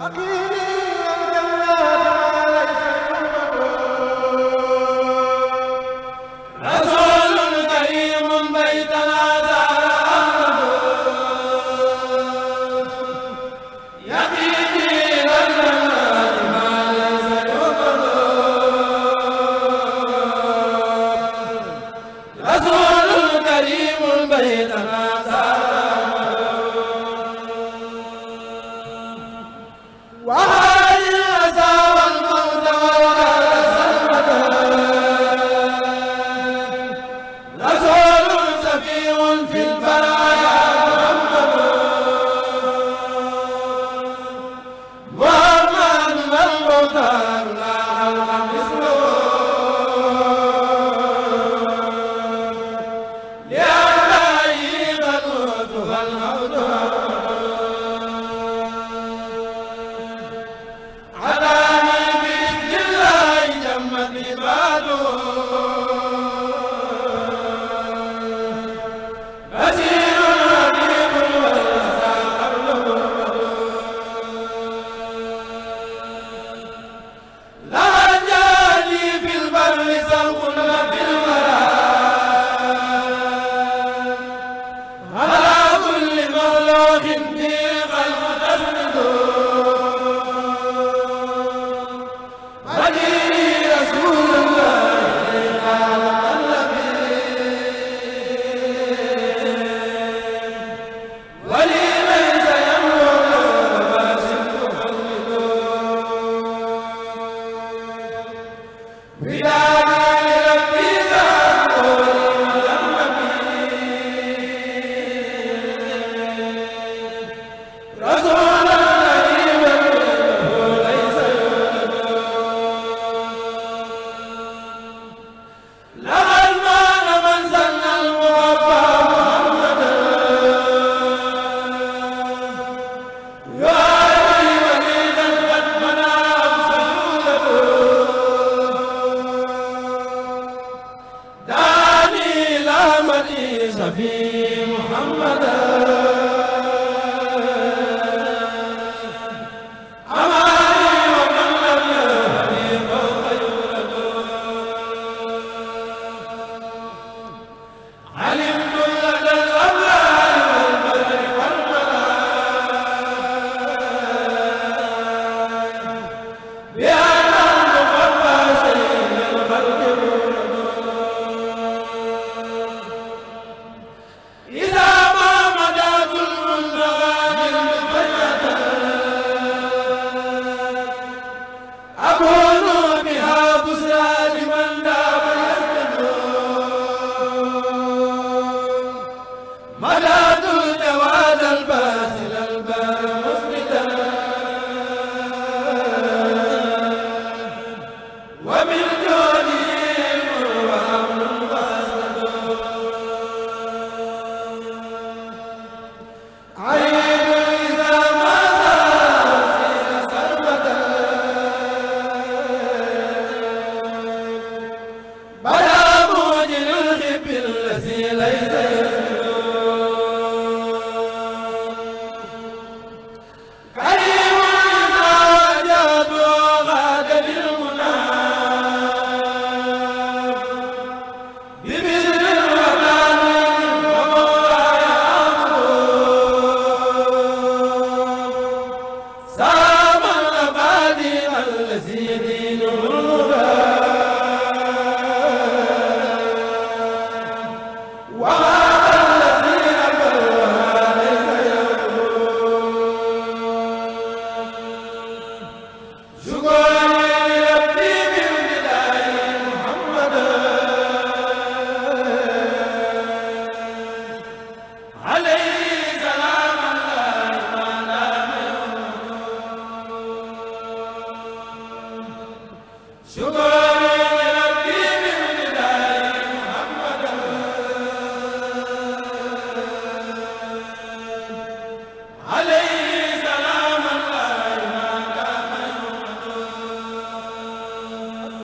Amin wi محمدا wa Shukr